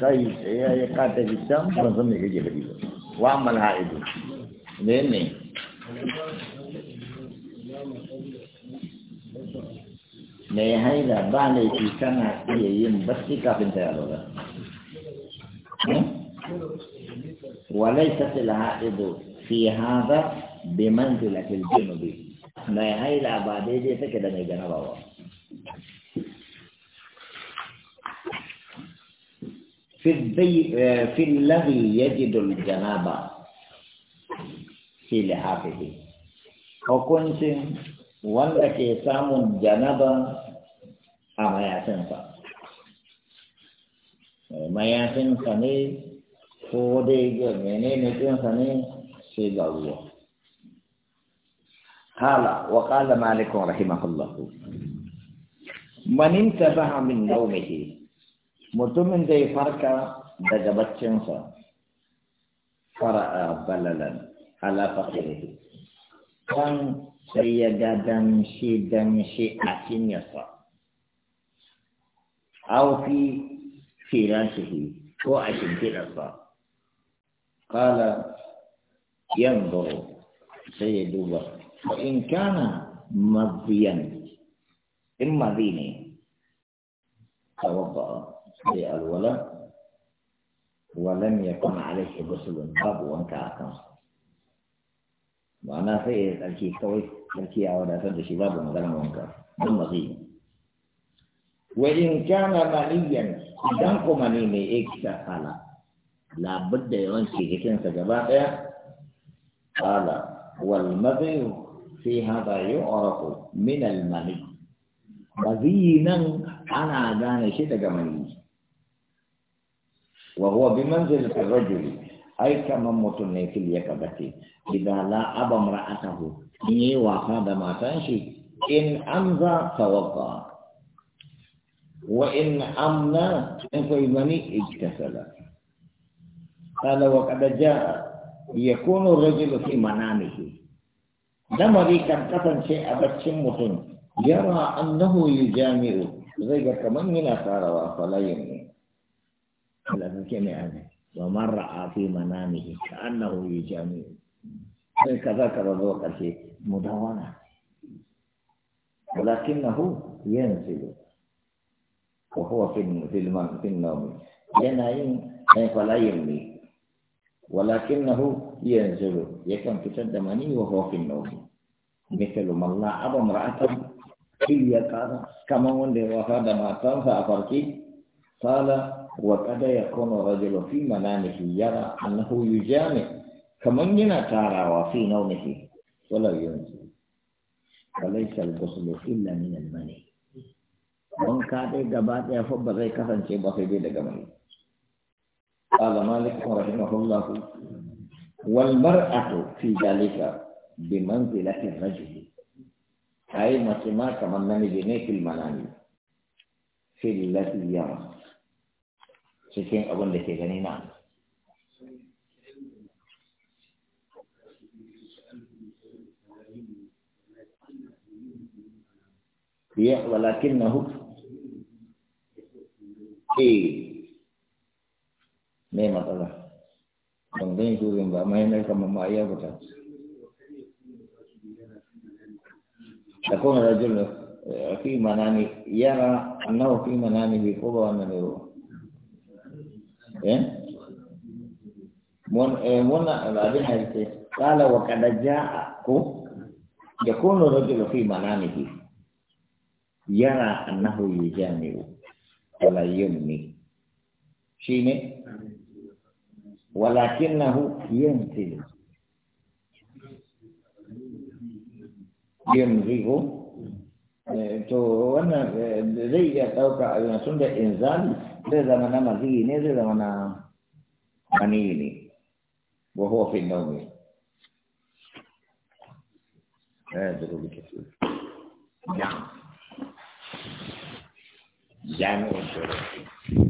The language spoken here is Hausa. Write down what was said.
kai ya ya kata bitan ban san me kake gadi wa mal haidu ne ne mai haila ba laifi tana iya yin barci kafin ta hmm? yaro ba وليست العائد في هذا بمنزلة الجنوب ما هي العبادية تكدم في الذي آه، في الذي يجد الجنابه في لحافه وكنت وانك سام الجنابة أما يسنسا ما يسنسا ني فوديك مني نتنسا ني سيد الله قال وقال مالك رحمه الله من انتبه من نومه مطمئن دی فرقا دگا بچن سا فرعا بللن على فقره كان سيدا دمشي دمشي أتين يسا أو في في فراشه هو أتين يسا قال ينظر سيد الله وإن كان مضيا إما ديني توضأ بالولاء ولم يكن عليه غسل باب وانكا أكام وأنا في الكي توي الكي أولا تد شباب مثلا وانكا بالمغي وإن كان مليا إذا مني مي إكسا لابد ينشي جكنسا جبابا قال والمذي في هذا يعرف من المني مذينا أنا أدان شيء تجمعني wa huwa bi manzilati rajuli ai kaman mutum ne fil yakabati idan la aba mar'atahu in yi wasa da matan shi in amza tawaqqa wa in amna in faymani iktasala qala wa qad jaa yakunu ar-rajulu fi manamihi damari kan kasance a baccin mutum yara annahu yujami'u zai ga kaman yana tarawa falayin لكن مئة ومن رأى في منامه كأنه يجامع كذا كذا ذوق شيء مدونة ولكنه ينزل وهو في في الم في النوم ينام فلا يمي ولكنه ينزل يكن في تدمني وهو في النوم مثل من الله أبا امرأة في يقظة كما وند وفاد ما قال فرقي قال وقد يكون الرجل في منامه يرى أنه يجامع كمن ينتارى وفي نومه ولا ينزل وليس الغسل إلا من المني wanka dai gaba ɗaya fa ba zai kasance ba sai dai daga mai qala malik rahimahullah wal mar'atu fi dalika bi manzilati rajul ai mace ma kamar namiji ne fil yara cikin abin da ke gani na ya walakin na huk e eh, ne matsala ban gani shurin ba amma yanar kamar ma iya fita da kuma rajul eh, fi manani yara annahu fi manani bi quba wa namiru mun abin harfe tsala wa kada ja'a ko ya kono rajulu fi manamihi yara annahu yujami'u wala yumni shine walakinahu yantilu yamzihu to wannan zai iya ɗauka a yanzu da inzali zai zama na maziyi ne zai zama na maniyi ne wa huwa da jami'in